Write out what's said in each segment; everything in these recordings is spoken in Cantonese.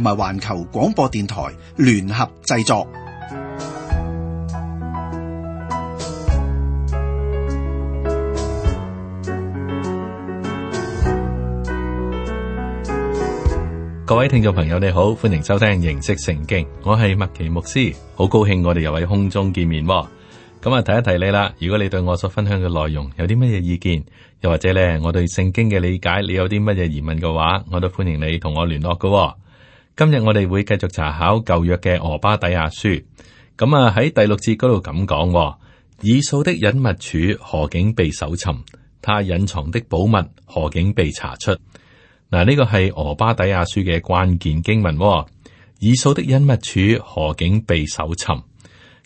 同埋環球廣播電台聯合製作。各位聽眾朋友，你好，歡迎收聽《認識聖經》，我係麥奇牧師，好高興我哋又喺空中見面。咁、嗯、啊，提一提你啦，如果你對我所分享嘅內容有啲乜嘢意見，又或者咧，我對聖經嘅理解，你有啲乜嘢疑問嘅話，我都歡迎你同我聯絡噶。今日我哋會繼續查考舊約嘅俄巴底亞書，咁啊喺第六節嗰度咁講，以掃的隱密處何竟被搜尋？他隱藏的寶物何竟被查出？嗱，呢個係俄巴底亞書嘅關鍵經文。以掃的隱密處何竟被搜尋？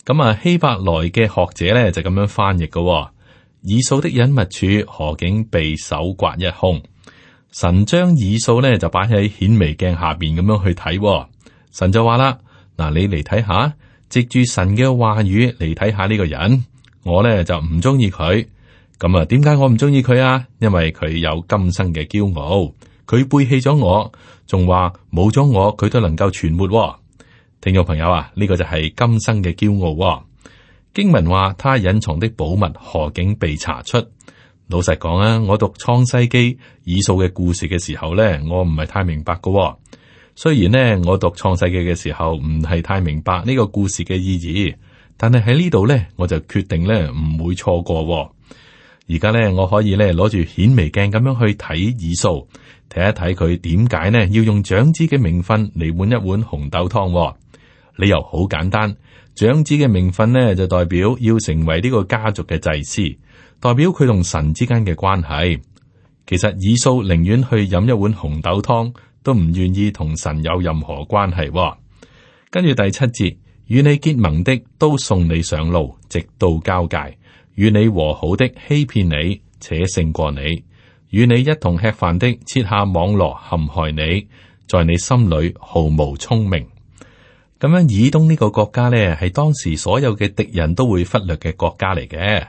咁啊希伯來嘅學者咧就咁樣翻譯嘅，以掃的隱密處何竟被搜刮一空？神將以掃咧就擺喺顯微鏡下邊咁樣去睇、哦，神就話啦：嗱，你嚟睇下，藉住神嘅話語嚟睇下呢個人，我咧就唔中意佢。咁啊，點解我唔中意佢啊？因為佢有今生嘅驕傲，佢背棄咗我，仲話冇咗我，佢都能夠存活、哦。聽眾朋友啊，呢、這個就係今生嘅驕傲、哦。經文話，他隱藏的寶物何竟被查出？老實講啊，我讀創世紀以掃嘅故事嘅時候咧，我唔係太明白噶。雖然咧，我讀創世紀嘅時候唔係太明白呢個故事嘅意義，但係喺呢度咧，我就決定咧唔會錯過。而家咧，我可以咧攞住顯微鏡咁樣去睇以掃，睇一睇佢點解呢要用長子嘅名分嚟換一碗紅豆湯。理由好簡單，長子嘅名分咧就代表要成為呢個家族嘅祭司。代表佢同神之間嘅關係，其實以掃寧願去飲一碗紅豆湯，都唔願意同神有任何關係哦。跟住第七節，與你結盟的都送你上路，直到交界；與你和好的欺騙你，且勝過你；與你一同吃飯的設下網羅陷害你，在你心裏毫無聰明。咁樣以東呢個國家咧，係當時所有嘅敵人都會忽略嘅國家嚟嘅。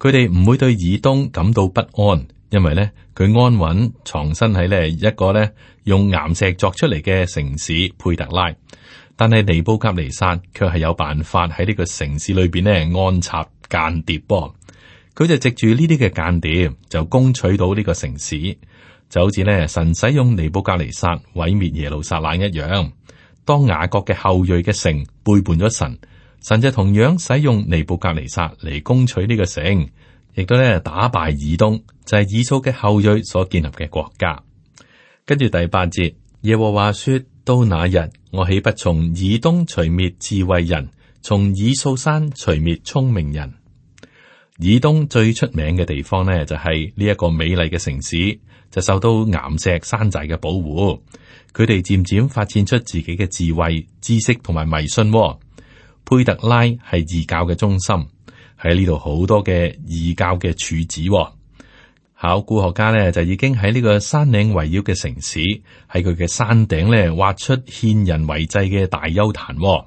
佢哋唔會對以東感到不安，因為咧佢安穩藏身喺咧一個咧用岩石作出嚟嘅，城市佩特拉。但係尼布甲尼撒卻係有辦法喺呢個城市裏邊咧安插間諜噃。佢就藉住呢啲嘅間諜就攻取到呢個城市，就好似咧神使用尼布甲尼撒毀滅耶路撒冷一樣。當雅各嘅後裔嘅城背叛咗神。神就同樣使用尼布格尼撒嚟攻取呢個城，亦都咧打敗以東，就係、是、以掃嘅後裔所建立嘅國家。跟住第八節，耶和華說：到那日我豈不從以東除滅智慧人，從以掃山除滅聰明人？以東最出名嘅地方呢，就係呢一個美麗嘅城市，就受到岩石山寨嘅保護。佢哋漸漸發展出自己嘅智慧、知識同埋迷信、哦。貝特拉係異教嘅中心，喺呢度好多嘅異教嘅柱子。考古學家呢就已經喺呢個山嶺圍繞嘅城市，喺佢嘅山頂呢挖出獻人為祭嘅大丘壇。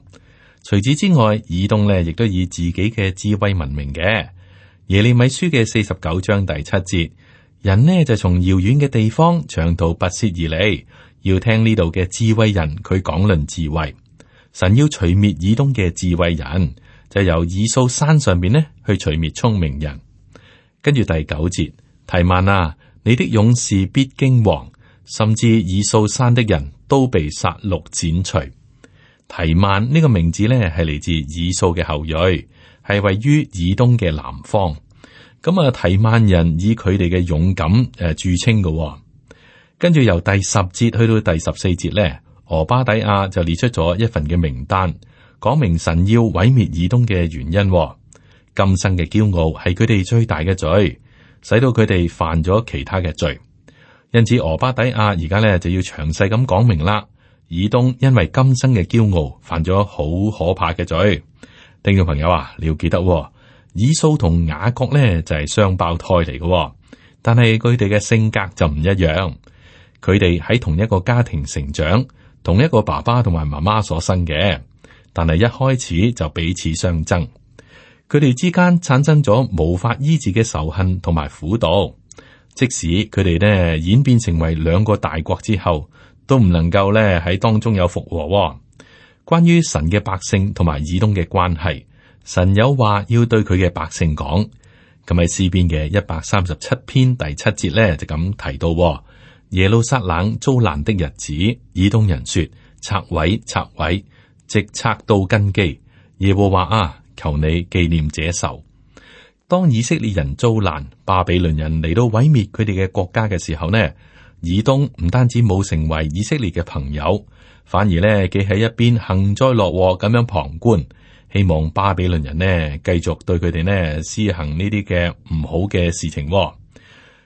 除此之外，以東呢亦都以自己嘅智慧聞名嘅。耶利米書嘅四十九章第七節，人呢就從遙遠嘅地方長途跋涉而嚟，要聽呢度嘅智慧人佢講論智慧。神要除滅以東嘅智慧人，就由以掃山上邊呢去除滅聰明人。跟住第九節，提曼啊，你的勇士必驚惶，甚至以掃山的人都被殺戮剪除。提曼呢個名字呢係嚟自以掃嘅後裔，係位於以東嘅南方。咁啊，提曼人以佢哋嘅勇敢誒著稱嘅。跟住由第十節去到第十四節呢。俄巴底亞就列出咗一份嘅名單，講明神要毀滅以東嘅原因。今生嘅驕傲係佢哋最大嘅罪，使到佢哋犯咗其他嘅罪。因此，俄巴底亞而家咧就要詳細咁講明啦。以東因為今生嘅驕傲犯咗好可怕嘅罪。聽眾朋友啊，你要記得，以掃同雅各咧就係雙胞胎嚟嘅，但係佢哋嘅性格就唔一樣，佢哋喺同一個家庭成長。同一個爸爸同埋媽媽所生嘅，但係一開始就彼此相爭，佢哋之間產生咗無法醫治嘅仇恨同埋苦毒。即使佢哋咧演變成為兩個大國之後，都唔能夠咧喺當中有復和、哦。關於神嘅百姓同埋以東嘅關係，神有話要對佢嘅百姓講，咁喺詩篇嘅一百三十七篇第七節咧就咁提到、哦。耶路撒冷遭難的日子，以東人說拆毀、拆毀，直拆到根基。耶和華啊，求你紀念這仇。當以色列人遭難，巴比倫人嚟到毀滅佢哋嘅國家嘅時候呢，以東唔單止冇成為以色列嘅朋友，反而呢企喺一邊幸災樂禍咁樣旁觀，希望巴比倫人呢繼續對佢哋呢施行呢啲嘅唔好嘅事情。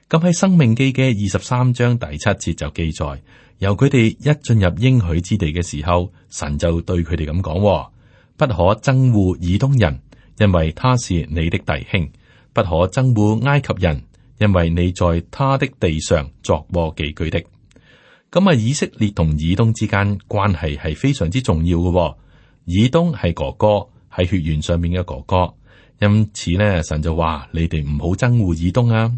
咁喺《申命記》嘅二十三章第七節就記載，由佢哋一進入應許之地嘅時候，神就對佢哋咁講：不可憎惡以東人，因為他是你的弟兄；不可憎惡埃及人，因為你在他的地上作過寄居的。咁啊，以色列同以東之間關係係非常之重要嘅。以東係哥哥，喺血緣上面嘅哥哥，因此呢，神就話你哋唔好憎惡以東啊。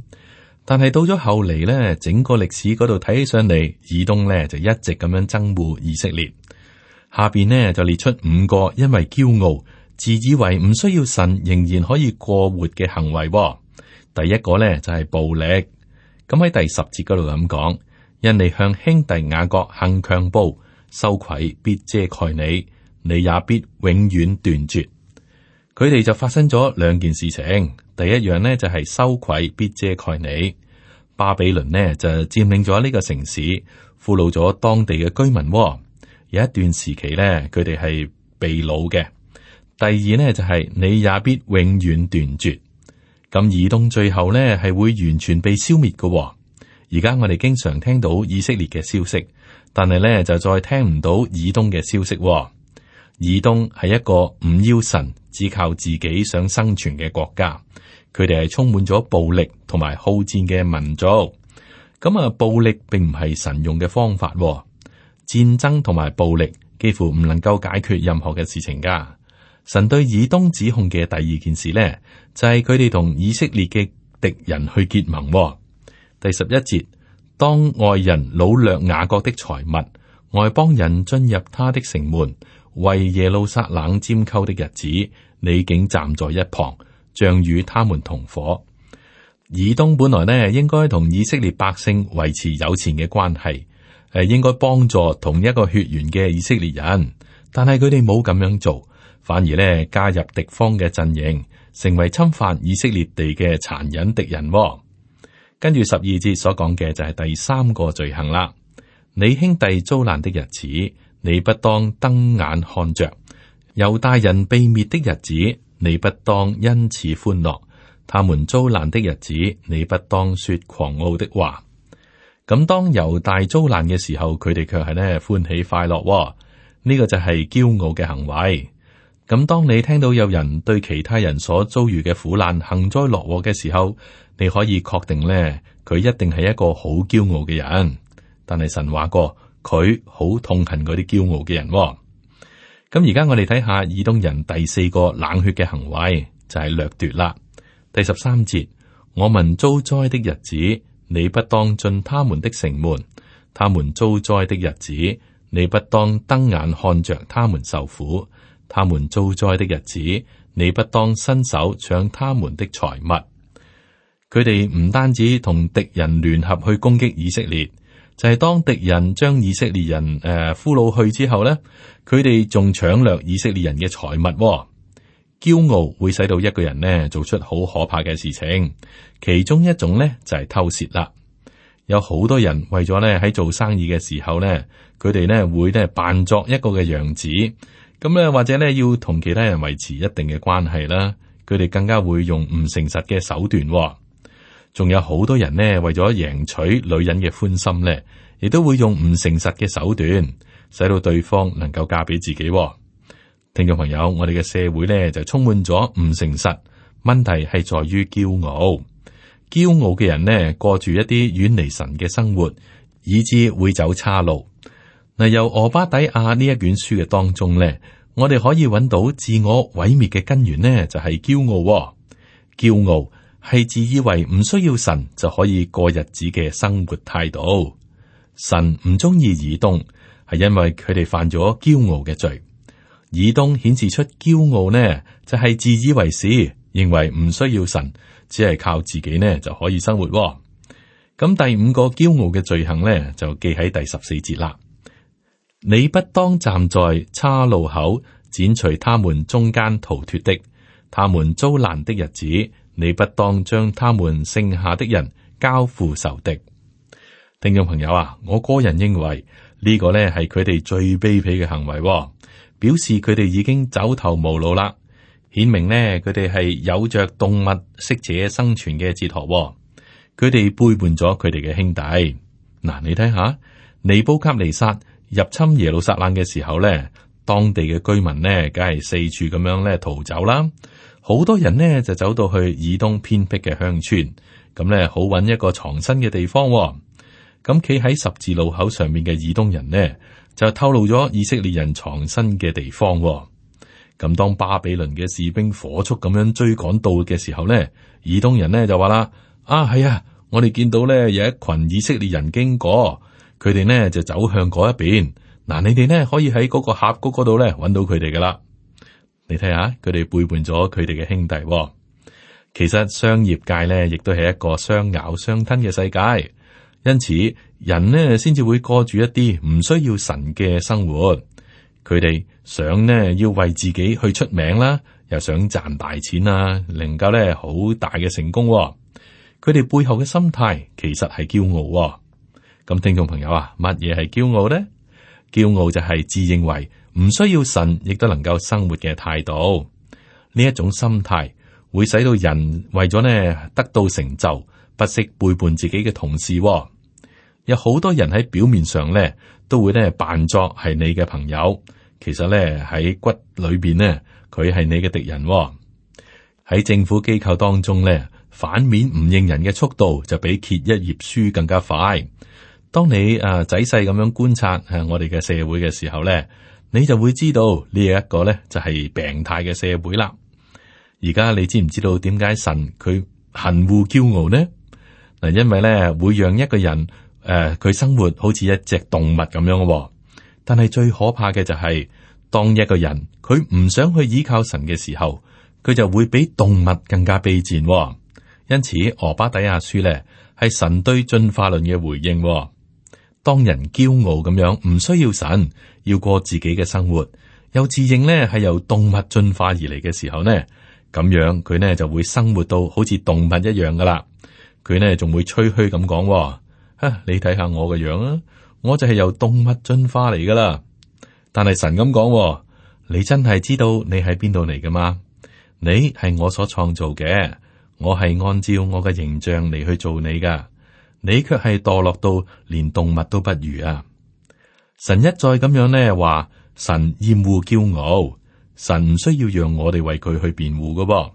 但係到咗後嚟咧，整個歷史嗰度睇起上嚟，以東咧就一直咁樣憎惡以色列。下邊呢就列出五個因為驕傲、自以為唔需要神仍然可以過活嘅行為。第一個咧就係、是、暴力。咁喺第十節嗰度咁講：因你向兄弟雅各行強暴，羞愧必遮蓋你，你也必永遠斷絕。佢哋就發生咗兩件事情。第一樣咧就係羞愧必遮蓋你，巴比倫咧就佔領咗呢個城市，俘虜咗當地嘅居民，哦。有一段時期咧，佢哋係被擄嘅。第二咧就係、是、你也必永遠斷絕，咁以東最後咧係會完全被消滅嘅，哦。而家我哋經常聽到以色列嘅消息，但係咧就再聽唔到以東嘅消息，哦。以東係一個唔要神，只靠自己想生存嘅國家。佢哋係充滿咗暴力同埋好戰嘅民族。咁啊，暴力並唔係神用嘅方法、啊，戰爭同埋暴力幾乎唔能夠解決任何嘅事情、啊。噶神對以東指控嘅第二件事呢，就係佢哋同以色列嘅敵人去結盟、啊。第十一節，當外人擄掠雅各的財物，外邦人進入他的城門。為耶路撒冷拈鬮的日子，你竟站在一旁，像與他們同夥。以東本來呢應該同以色列百姓維持友善嘅關係，誒應該幫助同一個血緣嘅以色列人，但係佢哋冇咁樣做，反而呢加入敵方嘅陣營，成為侵犯以色列地嘅殘忍敵人。跟住十二節所講嘅就係第三個罪行啦，你兄弟遭難的日子。你不當瞪眼看着猶大人被滅的日子，你不當因此歡樂；他們遭難的日子，你不當說狂傲的話。咁當猶大遭難嘅時候，佢哋卻係呢歡喜快樂、哦，呢個就係驕傲嘅行為。咁當你聽到有人對其他人所遭遇嘅苦難，幸災樂禍嘅時候，你可以確定呢，佢一定係一個好驕傲嘅人。但係神話過。佢好痛恨嗰啲驕傲嘅人、哦。咁而家我哋睇下以東人第四個冷血嘅行為就係、是、掠奪啦。第十三節，我民遭災的日子，你不當進他們的城門；他們遭災的日子，你不當瞪眼看着他們受苦；他們遭災的日子，你不當伸手搶他們的財物。佢哋唔單止同敵人聯合去攻擊以色列。就係當敵人將以色列人誒、呃、俘虜去之後咧，佢哋仲搶掠以色列人嘅財物。驕傲會使到一個人咧做出好可怕嘅事情，其中一種咧就係偷竊啦。有好多人為咗咧喺做生意嘅時候咧，佢哋咧會咧扮作一個嘅樣子，咁咧或者咧要同其他人維持一定嘅關係啦，佢哋更加會用唔誠實嘅手段。仲有好多人呢，為咗贏取女人嘅歡心呢，亦都會用唔誠實嘅手段，使到對方能夠嫁俾自己，哦。聽眾朋友，我哋嘅社會呢，就充滿咗唔誠實，問題係在於驕傲。驕傲嘅人呢，過住一啲遠離神嘅生活，以致會走岔路。嗱，由俄巴底亞呢一卷書嘅當中呢，我哋可以揾到自我毀滅嘅根源呢，就係、是、驕傲，哦，驕傲。係自以為唔需要神就可以過日子嘅生活態度。神唔中意以東，係因為佢哋犯咗驕傲嘅罪。以東顯示出驕傲呢，就係、是、自以為是，認為唔需要神，只係靠自己呢就可以生活。咁第五個驕傲嘅罪行呢，就記喺第十四節啦。你不當站在岔路口剪除他們中間逃脫的，他們遭難的日子。你不當將他們剩下的人交付仇敵。聽眾朋友啊，我個人認為呢個咧係佢哋最卑鄙嘅行為，表示佢哋已經走投無路啦，顯明呢，佢哋係有着動物適者生存嘅哲學。佢哋背叛咗佢哋嘅兄弟。嗱，你睇下尼布甲尼撒入侵耶路撒冷嘅時候咧，當地嘅居民呢，梗係四處咁樣咧逃走啦。好多人呢就走到去以東偏僻嘅鄉村，咁呢，好揾一個藏身嘅地方。咁企喺十字路口上面嘅以東人呢，就透露咗以色列人藏身嘅地方。咁當巴比倫嘅士兵火速咁樣追趕到嘅時候呢，以東人呢就話啦：啊係啊，我哋見到呢有一群以色列人經過，佢哋呢就走向嗰一邊。嗱，你哋呢可以喺嗰個峽谷嗰度呢，揾到佢哋噶啦。你睇下佢哋背叛咗佢哋嘅兄弟、哦，其實商業界呢亦都係一個相咬相吞嘅世界，因此人呢先至會過住一啲唔需要神嘅生活。佢哋想呢要為自己去出名啦，又想賺大錢呀，能夠呢好大嘅成功。佢哋背後嘅心態其實係驕傲、哦。咁聽眾朋友啊，乜嘢係驕傲呢？驕傲就係自認為。唔需要神，亦都能夠生活嘅態度，呢一種心態會使到人為咗呢得到成就，不惜背叛自己嘅同事、哦。有好多人喺表面上呢都會呢扮作係你嘅朋友，其實呢喺骨裏邊呢佢係你嘅敵人、哦。喺政府機構當中呢，反面唔認人嘅速度就比揭一頁書更加快。當你誒、啊、仔細咁樣觀察我哋嘅社會嘅時候呢？你就會知道呢一，這個咧，就係病態嘅社會啦。而家你知唔知道點解神佢恨惡驕傲呢？嗱，因為咧會讓一個人誒佢，呃、生活好似一隻動物咁樣。但係最可怕嘅就係，是，當一個人佢唔想去依靠神嘅時候，佢就會比動物更加卑賤。因此，俄巴底亞書咧係神對進化論嘅回應。當人驕傲咁樣，唔需要神，要過自己嘅生活，又自認咧係由動物進化而嚟嘅時候咧，咁樣佢咧就會生活到好似動物一樣噶啦。佢咧仲會吹噓咁講，吓、啊、你睇下我嘅樣啊，我就係由動物進化嚟噶啦。但係神咁講，你真係知道你喺邊度嚟噶嘛？你係我所創造嘅，我係按照我嘅形象嚟去做你噶。你卻係墮落到連動物都不如啊！神一再咁樣呢話，神厭惡驕傲，神唔需要讓我哋為佢去辯護㗎噃。」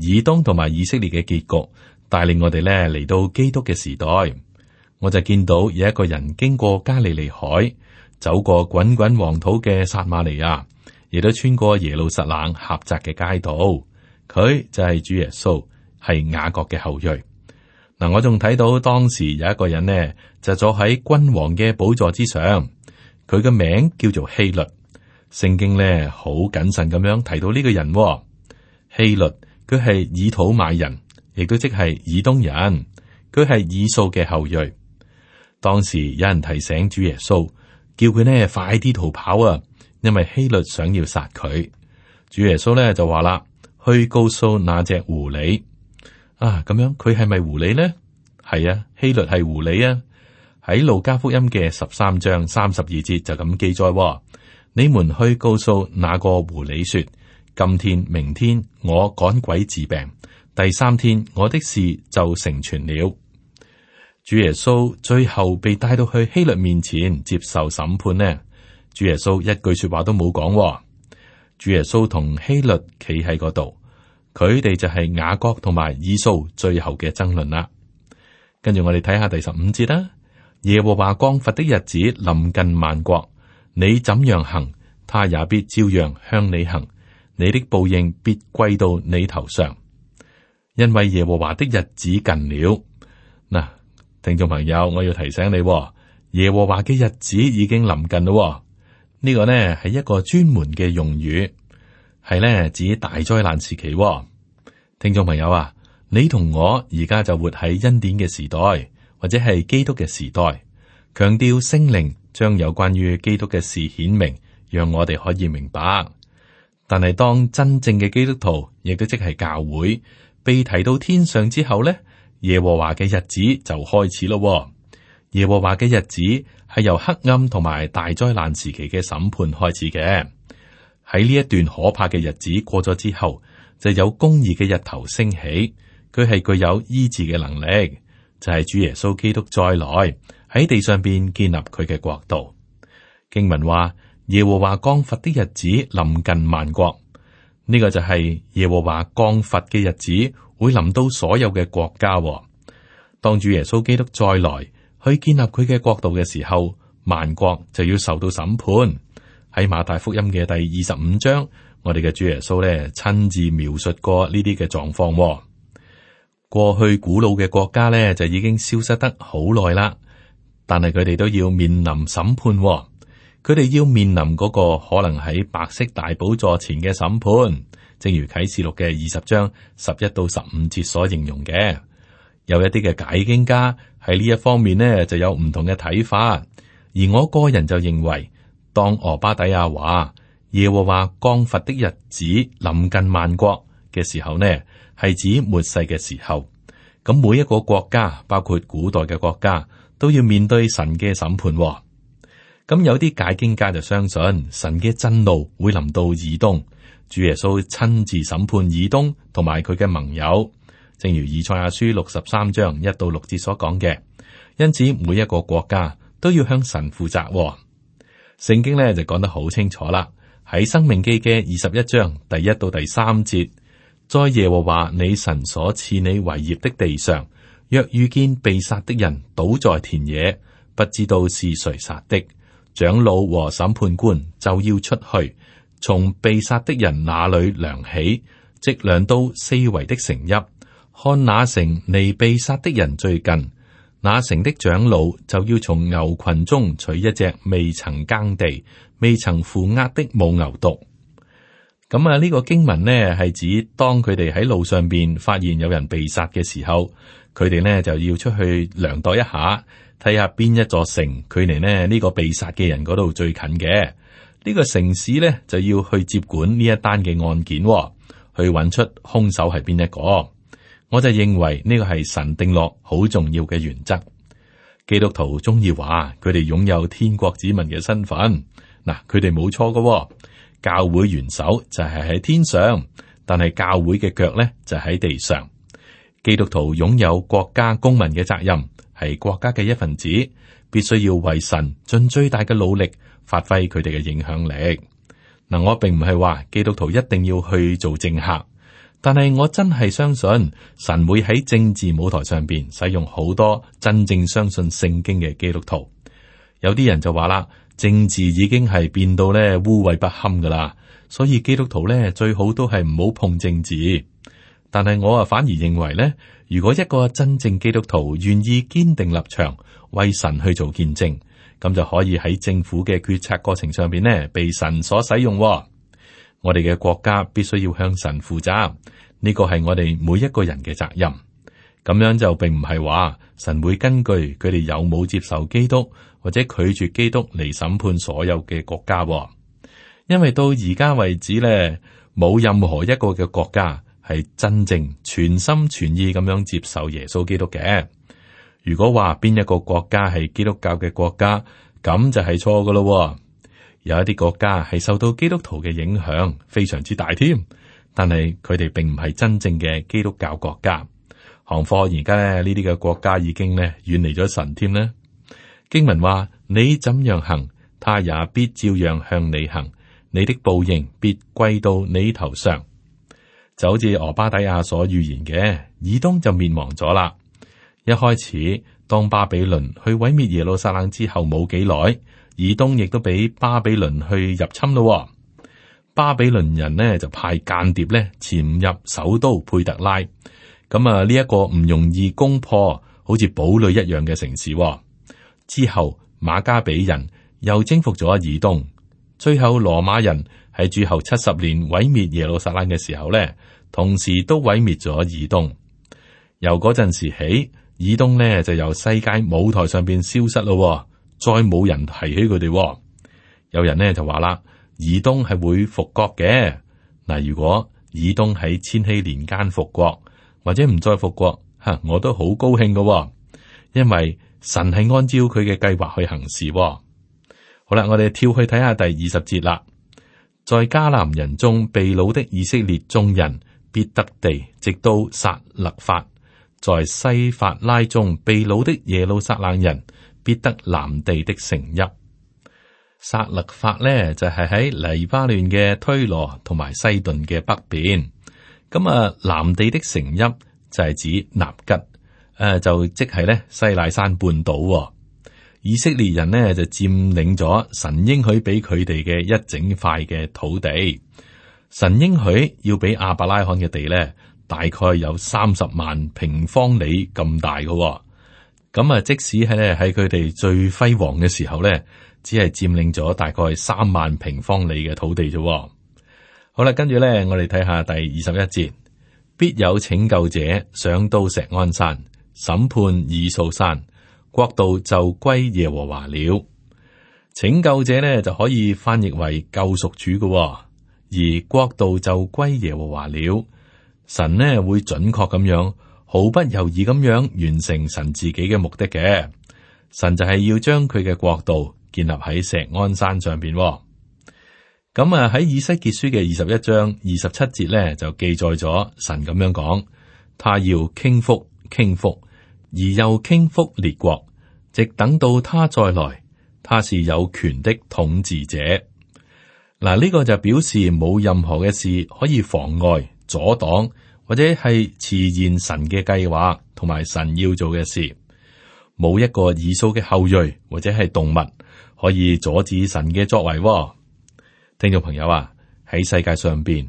以東同埋以色列嘅結局，帶領我哋呢嚟到基督嘅時代，我就見到有一個人經過加利利海，走過滾滾黃土嘅撒馬利亞，亦都穿過耶路撒冷狹窄嘅街道，佢就係主耶穌，係雅各嘅後裔。嗱，我仲睇到當時有一個人呢，就坐喺君王嘅寶座之上，佢嘅名叫做希律。聖經呢好謹慎咁樣提到呢個人。哦，希律佢係以土買人，亦都即係以東人，佢係以掃嘅後裔。當時有人提醒主耶穌，叫佢呢快啲逃跑啊，因為希律想要殺佢。主耶穌呢就話啦，去告訴那隻狐狸。啊，咁樣佢係咪狐狸呢？係啊，希律係狐狸啊！喺路加福音嘅十三章三十二節就咁記載喎：你們去告訴那個狐狸說，今天、明天我趕鬼治病，第三天我的事就成全了。主耶穌最後被帶到去希律面前接受審判呢？主耶穌一句說話都冇講喎。主耶穌同希律企喺嗰度。佢哋就係雅各同埋以掃最後嘅爭論啦。跟住我哋睇下第十五節啦。耶和華降罰的日子臨近萬國，你怎樣行，他也必照樣向你行。你的報應必歸到你頭上，因為耶和華的日子近了。嗱，聽眾朋友，我要提醒你，耶和華嘅日子已經臨近了。呢個呢係一個專門嘅用語，係呢指大災難時期。聽眾朋友啊，你同我而家就活喺恩典嘅時代，或者係基督嘅時代，強調聖靈將有關於基督嘅事顯明，讓我哋可以明白。但係當真正嘅基督徒，亦都即係教會被提到天上之後咧，耶和華嘅日子就開始咯。耶和華嘅日子係由黑暗同埋大災難時期嘅審判開始嘅。喺呢一段可怕嘅日子過咗之後。就有公義嘅日頭升起，佢係具有醫治嘅能力，就係、是、主耶穌基督再來喺地上邊建立佢嘅國度。經文話耶和華降罰的日子臨近萬國，呢、這個就係耶和華降罰嘅日子會臨到所有嘅國家。當主耶穌基督再來去建立佢嘅國度嘅時候，萬國就要受到審判。喺馬太福音嘅第二十五章。我哋嘅主耶穌咧親自描述過呢啲嘅狀況，哦。過去古老嘅國家咧就已經消失得好耐啦，但係佢哋都要面臨審判，哦。佢哋要面臨嗰個可能喺白色大寶座前嘅審判，正如啟示錄嘅二十章十一到十五節所形容嘅。有一啲嘅解經家喺呢一方面咧就有唔同嘅睇法，而我個人就認為，當俄巴底亞話。耶和華降罰的日子臨近萬國嘅時候呢，係指末世嘅時候。咁每一個國家，包括古代嘅國家，都要面對神嘅審判，哦。咁、嗯、有啲解經家就相信神嘅震怒會臨到以東，主耶穌親自審判以東同埋佢嘅盟友，正如以賽亞書六十三章一到六節所講嘅。因此，每一個國家都要向神負責，哦。聖經呢就講得好清楚啦。喺《生命記》嘅二十一章第一到第三節，在耶和華你神所賜你為業的地上，若遇見被殺的人倒在田野，不知道是誰殺的，長老和審判官就要出去，從被殺的人那裡量起，即量到四圍的城邑，看哪城離被殺的人最近。那城的長老就要從牛群中取一隻未曾耕地、未曾負軛的母牛犢。咁啊，呢、這個經文呢係指當佢哋喺路上邊發現有人被殺嘅時候，佢哋呢就要出去量度一下，睇下邊一座城距離呢呢個被殺嘅人嗰度最近嘅呢、這個城市呢就要去接管呢一單嘅案件、哦，去揾出凶手係邊一個。我就認為呢個係神定落好重要嘅原則。基督徒鍾意話佢哋擁有天國子民嘅身份，嗱，佢哋冇錯㗎。教會元首就係喺天上，但係教會嘅腳咧就喺地上。基督徒擁有國家公民嘅責任，係國家嘅一份子，必須要為神盡最大嘅努力，發揮佢哋嘅影響力。嗱，我並唔係話基督徒一定要去做政客。但係我真係相信神會喺政治舞台上邊使用好多真正相信聖經嘅基督徒。有啲人就話啦，政治已經係變到咧污穢不堪噶啦，所以基督徒咧最好都係唔好碰政治。但係我啊反而認為咧，如果一個真正基督徒願意堅定立場，為神去做見證，咁就可以喺政府嘅決策過程上邊咧被神所使用。我哋嘅國家必須要向神負責，呢個係我哋每一個人嘅責任。咁樣就並唔係話神會根據佢哋有冇接受基督或者拒絕基督嚟審判所有嘅國家，因為到而家為止呢，冇任何一個嘅國家係真正全心全意咁樣接受耶穌基督嘅。如果話邊一個國家係基督教嘅國家，咁就係錯噶咯。有一啲國家係受到基督徒嘅影響非常之大添，但係佢哋並唔係真正嘅基督教國家。行貨而家咧，呢啲嘅國家已經咧遠離咗神添啦。經文話：你怎樣行，他也必照樣向你行。你的報應必歸到你頭上。就好似俄巴底亞所預言嘅，以東就滅亡咗啦。一開始當巴比倫去毀滅耶路撒冷之後冇幾耐。以東亦都俾巴比倫去入侵咯，巴比倫人呢，就派間諜呢潛入首都佩特拉，咁啊呢一個唔容易攻破，好似堡壘一樣嘅城市。之後馬加比人又征服咗以東，最後羅馬人喺最後七十年毀滅耶路撒冷嘅時候呢，同時都毀滅咗以東。由嗰陣時起，以東呢就由世界舞台上邊消失咯。再冇人提起佢哋、哦。有人呢就話啦，以東係會復國嘅。嗱，如果以東喺千禧年間復國，或者唔再復國吓，我都好高興噶、哦。因為神係按照佢嘅計劃去行事、哦。好啦，我哋跳去睇下第二十節啦。在迦南人中被擄的以色列眾人，必得地；直到撒勒法，在西法拉中被擄的耶路撒冷人。必得南地的城邑，撒勒法咧，就係喺黎巴嫩嘅推羅同埋西頓嘅北邊。咁啊，南地的城邑就係指納吉，誒就即係咧西奈山半島。以色列人呢就佔領咗神應許俾佢哋嘅一整塊嘅土地。神應許要俾亞伯拉罕嘅地咧，大概有三十萬平方里咁大嘅。咁啊，即使喺咧喺佢哋最輝煌嘅時候咧，只係佔領咗大概三萬平方公里嘅土地啫。好啦，跟住咧，我哋睇下第二十一節，必有拯救者上到錫安山審判以掃山，國度就歸耶和華了。拯救者咧就可以翻譯為救贖主嘅，而國度就歸耶和華了。神咧會準確咁樣。毫不猶豫咁樣完成神自己嘅目的嘅，神就係要將佢嘅國度建立喺錫安山上邊。咁啊喺以西結書嘅二十一章二十七節呢，就記載咗神咁樣講，他要傾覆傾覆，而又傾覆列國，直等到他再來，他是有權的統治者。嗱、嗯、呢、這個就表示冇任何嘅事可以妨礙、阻擋。或者係實現神嘅計劃，同埋神要做嘅事，冇一個以掃嘅後裔或者係動物可以阻止神嘅作為。聽眾朋友啊，喺世界上邊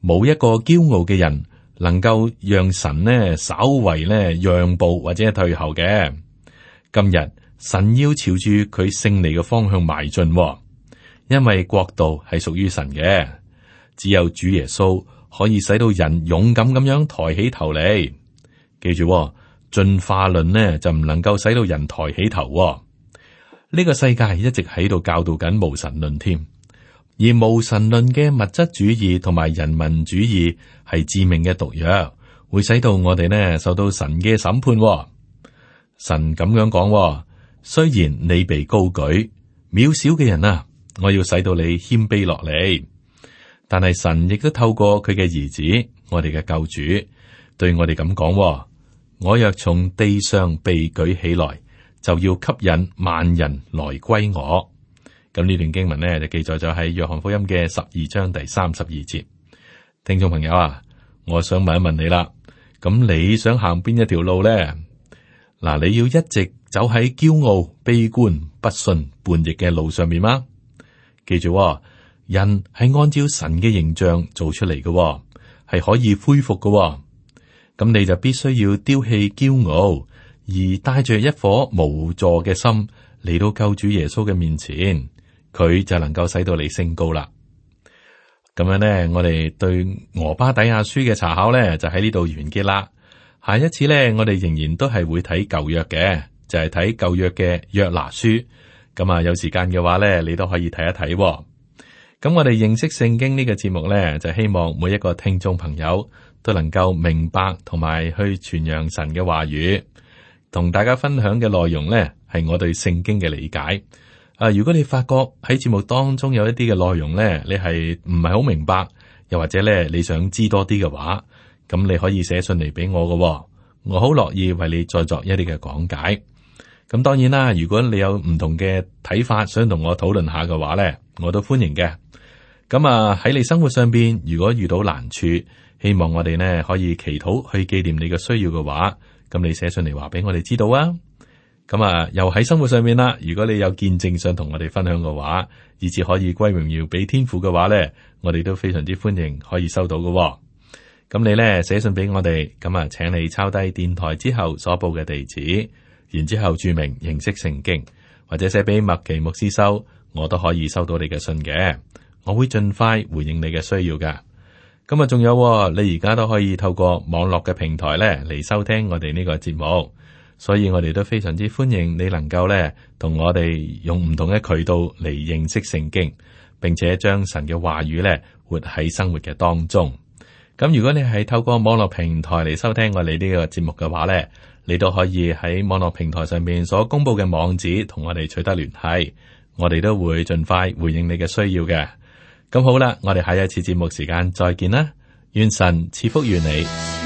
冇一個驕傲嘅人能夠讓神呢，稍微呢讓步或者退後嘅。今日神要朝住佢勝利嘅方向邁進，因為國度係屬於神嘅，只有主耶穌。可以使到人勇敢咁樣抬起頭嚟，記住喎，進化論呢就唔能夠使到人抬起頭喎。呢、這個世界一直喺度教導緊無神論添，而無神論嘅物質主義同埋人民主義係致命嘅毒藥，會使到我哋呢受到神嘅審判喎。神咁樣講喎，雖然你被高舉，渺小嘅人啊，我要使到你謙卑落嚟。但係神亦都透過佢嘅兒子，我哋嘅救主，對我哋咁講：我若從地上被舉起來，就要吸引萬人來歸我。咁呢段經文咧就記載咗喺約翰福音嘅十二章第三十二節。聽眾朋友啊，我想問一問你啦，咁你想行邊一條路咧？嗱，你要一直走喺驕傲、悲觀、不信、叛逆嘅路上面嗎？記住哦。人係按照神嘅形象做出嚟嘅，哦，係可以恢復嘅，哦。咁你就必須要丟棄驕傲，而帶着一顆無助嘅心嚟到救主耶穌嘅面前，佢就能夠使到你升高啦。咁樣呢，我哋對俄巴底亞書嘅查考呢，就喺呢度完結啦。下一次呢，我哋仍然都係會睇舊約嘅，就係睇舊約嘅約拿書。咁啊，有時間嘅話呢，你都可以睇一睇，哦。咁我哋認識聖經呢個節目呢，就希望每一個聽眾朋友都能夠明白同埋去傳揚神嘅話語。同大家分享嘅內容呢，係我對聖經嘅理解。啊，如果你發覺喺節目當中有一啲嘅內容呢，你係唔係好明白，又或者呢你想知多啲嘅話，咁你可以寫信嚟俾我㗎喎。我好樂意為你再作一啲嘅講解。咁當然啦，如果你有唔同嘅睇法，想同我討論下嘅話呢，我都歡迎嘅。咁啊，喺、嗯、你生活上邊，如果遇到難處，希望我哋呢可以祈禱去紀念你嘅需要嘅話，咁你寫信嚟話俾我哋知道啊。咁、嗯、啊，又喺生活上面啦，如果你有見證想同我哋分享嘅話，以至可以歸榮耀俾天父嘅話呢，我哋都非常之歡迎可以收到嘅，哦。咁你呢，寫信俾我哋，咁、嗯、啊，請你抄低電台之後所報嘅地址，然之後注明認識聖經或者寫俾麥奇牧師收，我都可以收到你嘅信嘅。我會盡快回應你嘅需要噶。咁啊，仲有你而家都可以透過網絡嘅平台咧嚟收聽我哋呢個節目，所以我哋都非常之歡迎你能夠咧同我哋用唔同嘅渠道嚟認識聖經，並且將神嘅話語咧活喺生活嘅當中。咁如果你係透過網絡平台嚟收聽我哋呢個節目嘅話咧，你都可以喺網絡平台上面所公布嘅網址同我哋取得聯繫，我哋都會盡快回應你嘅需要嘅。咁好啦，我哋下一次節目時間再見啦，願神賜福於你。